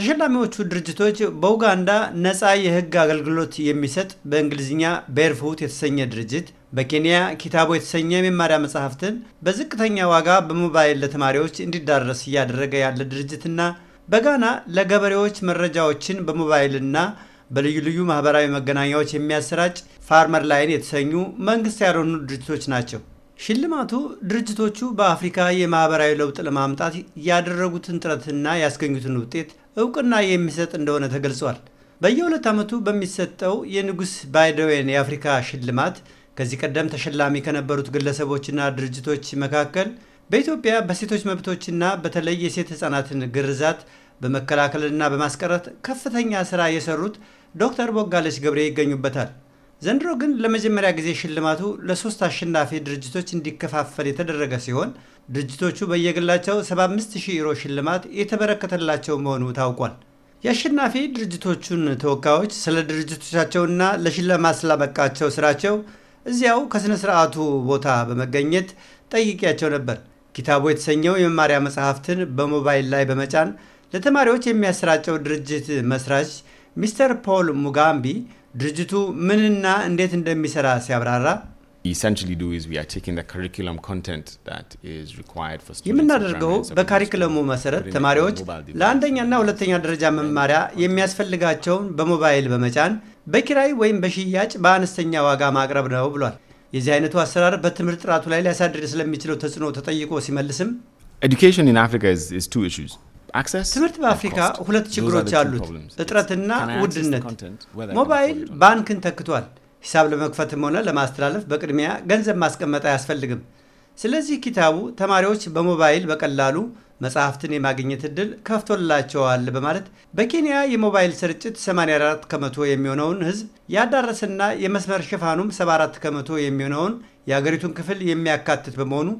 ተሸላሚዎቹ ድርጅቶች በኡጋንዳ ነፃ የህግ አገልግሎት የሚሰጥ በእንግሊዝኛ ቤርፉት የተሰኘ ድርጅት፣ በኬንያ ኪታቦ የተሰኘ የመማሪያ መጽሐፍትን በዝቅተኛ ዋጋ በሞባይል ለተማሪዎች እንዲዳረስ እያደረገ ያለ ድርጅትና በጋና ለገበሬዎች መረጃዎችን በሞባይልና በልዩ ልዩ ማህበራዊ መገናኛዎች የሚያሰራጭ ፋርመር ላይን የተሰኙ መንግስት ያልሆኑ ድርጅቶች ናቸው። ሽልማቱ ድርጅቶቹ በአፍሪካ የማህበራዊ ለውጥ ለማምጣት ያደረጉትን ጥረትና ያስገኙትን ውጤት እውቅና የሚሰጥ እንደሆነ ተገልጿል። በየሁለት ዓመቱ በሚሰጠው የንጉሥ ባይደወን የአፍሪካ ሽልማት ከዚህ ቀደም ተሸላሚ ከነበሩት ግለሰቦችና ድርጅቶች መካከል በኢትዮጵያ በሴቶች መብቶችና በተለይ የሴት ሕፃናትን ግርዛት በመከላከልና በማስቀረት ከፍተኛ ስራ የሰሩት ዶክተር ቦጋለች ገብሬ ይገኙበታል። ዘንድሮ ግን ለመጀመሪያ ጊዜ ሽልማቱ ለሶስት አሸናፊ ድርጅቶች እንዲከፋፈል የተደረገ ሲሆን ድርጅቶቹ በየግላቸው 75000 ዩሮ ሽልማት የተበረከተላቸው መሆኑ ታውቋል። የአሸናፊ ድርጅቶቹን ተወካዮች ስለ ድርጅቶቻቸውና ለሽልማት ስላበቃቸው ስራቸው እዚያው ከሥነ ሥርዓቱ ቦታ በመገኘት ጠይቄያቸው ነበር። ኪታቡ የተሰኘው የመማሪያ መጽሐፍትን በሞባይል ላይ በመጫን ለተማሪዎች የሚያሰራጨው ድርጅት መስራች ሚስተር ፖል ሙጋምቢ ድርጅቱ ምንና እንዴት እንደሚሰራ ሲያብራራ የምናደርገው በካሪክለሙ መሰረት ተማሪዎች ለአንደኛና ሁለተኛ ደረጃ መማሪያ የሚያስፈልጋቸውን በሞባይል በመጫን በኪራይ ወይም በሽያጭ በአነስተኛ ዋጋ ማቅረብ ነው ብሏል። የዚህ አይነቱ አሰራር በትምህርት ጥራቱ ላይ ሊያሳድር ስለሚችለው ተጽዕኖ ተጠይቆ ሲመልስም ኤዱኬሽን ኢን አፍሪካ ኢዝ ቱ ትምህርት በአፍሪካ ሁለት ችግሮች አሉት፣ እጥረትና ውድነት። ሞባይል ባንክን ተክቷል። ሂሳብ ለመክፈትም ሆነ ለማስተላለፍ በቅድሚያ ገንዘብ ማስቀመጥ አያስፈልግም። ስለዚህ ኪታቡ ተማሪዎች በሞባይል በቀላሉ መጽሐፍትን የማግኘት እድል ከፍቶላቸዋል በማለት በኬንያ የሞባይል ስርጭት 84 ከመቶ የሚሆነውን ህዝብ ያዳረሰና የመስመር ሽፋኑም 74 ከመቶ የሚሆነውን የአገሪቱን ክፍል የሚያካትት በመሆኑ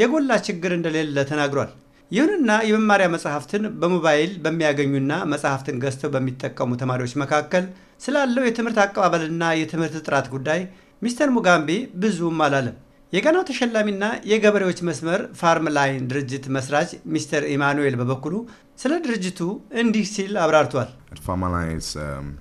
የጎላ ችግር እንደሌለ ተናግሯል። ይሁንና የመማሪያ መጽሐፍትን በሞባይል በሚያገኙና መጽሐፍትን ገዝተው በሚጠቀሙ ተማሪዎች መካከል ስላለው የትምህርት አቀባበልና የትምህርት ጥራት ጉዳይ ሚስተር ሙጋምቤ ብዙም አላለም። የጋናው ተሸላሚና የገበሬዎች መስመር ፋርም ላይን ድርጅት መስራች ሚስተር ኢማኑኤል በበኩሉ ስለ ድርጅቱ እንዲህ ሲል አብራርቷል። um,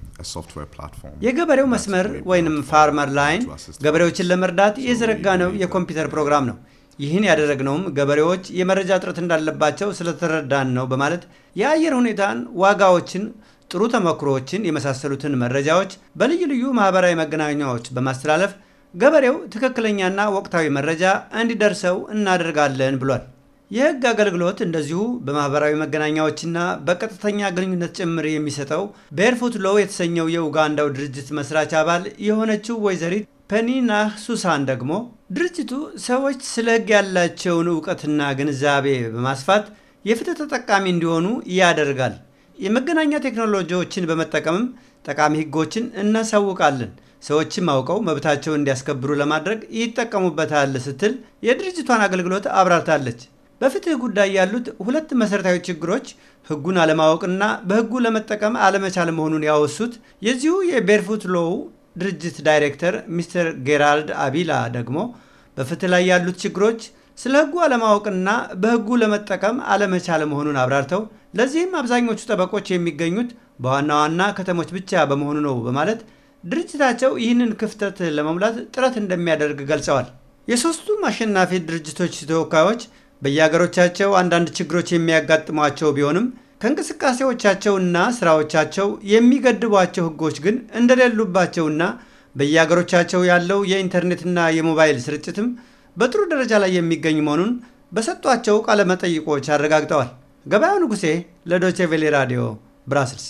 የገበሬው መስመር ወይንም ፋርመር ላይን ገበሬዎችን ለመርዳት የዘረጋ ነው የኮምፒውተር ፕሮግራም ነው። ይህን ያደረግነውም ገበሬዎች የመረጃ እጥረት እንዳለባቸው ስለተረዳን ነው በማለት የአየር ሁኔታን፣ ዋጋዎችን፣ ጥሩ ተሞክሮዎችን የመሳሰሉትን መረጃዎች በልዩ ልዩ ማህበራዊ መገናኛዎች በማስተላለፍ ገበሬው ትክክለኛና ወቅታዊ መረጃ እንዲደርሰው እናደርጋለን ብሏል። የህግ አገልግሎት እንደዚሁ በማህበራዊ መገናኛዎችና በቀጥተኛ ግንኙነት ጭምር የሚሰጠው ቤርፉት ሎው የተሰኘው የኡጋንዳው ድርጅት መስራች አባል የሆነችው ወይዘሪት ፔኒናህ ሱሳን ደግሞ ድርጅቱ ሰዎች ስለ ሕግ ያላቸውን እውቀትና ግንዛቤ በማስፋት የፍትህ ተጠቃሚ እንዲሆኑ ያደርጋል። የመገናኛ ቴክኖሎጂዎችን በመጠቀምም ጠቃሚ ሕጎችን እናሳውቃለን፣ ሰዎችም አውቀው መብታቸውን እንዲያስከብሩ ለማድረግ ይጠቀሙበታል ስትል የድርጅቷን አገልግሎት አብራርታለች። በፍትህ ጉዳይ ያሉት ሁለት መሠረታዊ ችግሮች ሕጉን አለማወቅና በሕጉ ለመጠቀም አለመቻል መሆኑን ያወሱት የዚሁ የቤርፉት ሎው ድርጅት ዳይሬክተር ሚስተር ጌራልድ አቢላ ደግሞ በፍትህ ላይ ያሉት ችግሮች ስለ ህጉ አለማወቅና በህጉ ለመጠቀም አለመቻል መሆኑን አብራርተው ለዚህም አብዛኞቹ ጠበቆች የሚገኙት በዋና ዋና ከተሞች ብቻ በመሆኑ ነው በማለት ድርጅታቸው ይህንን ክፍተት ለመሙላት ጥረት እንደሚያደርግ ገልጸዋል። የሦስቱም አሸናፊ ድርጅቶች ተወካዮች በየሀገሮቻቸው አንዳንድ ችግሮች የሚያጋጥሟቸው ቢሆንም ከእንቅስቃሴዎቻቸውና ስራዎቻቸው የሚገድቧቸው ሕጎች ግን እንደሌሉባቸውና በየአገሮቻቸው ያለው የኢንተርኔትና የሞባይል ስርጭትም በጥሩ ደረጃ ላይ የሚገኝ መሆኑን በሰጧቸው ቃለመጠይቆች አረጋግጠዋል። ገበያው ንጉሴ ለዶቼቬሌ ራዲዮ ብራስልስ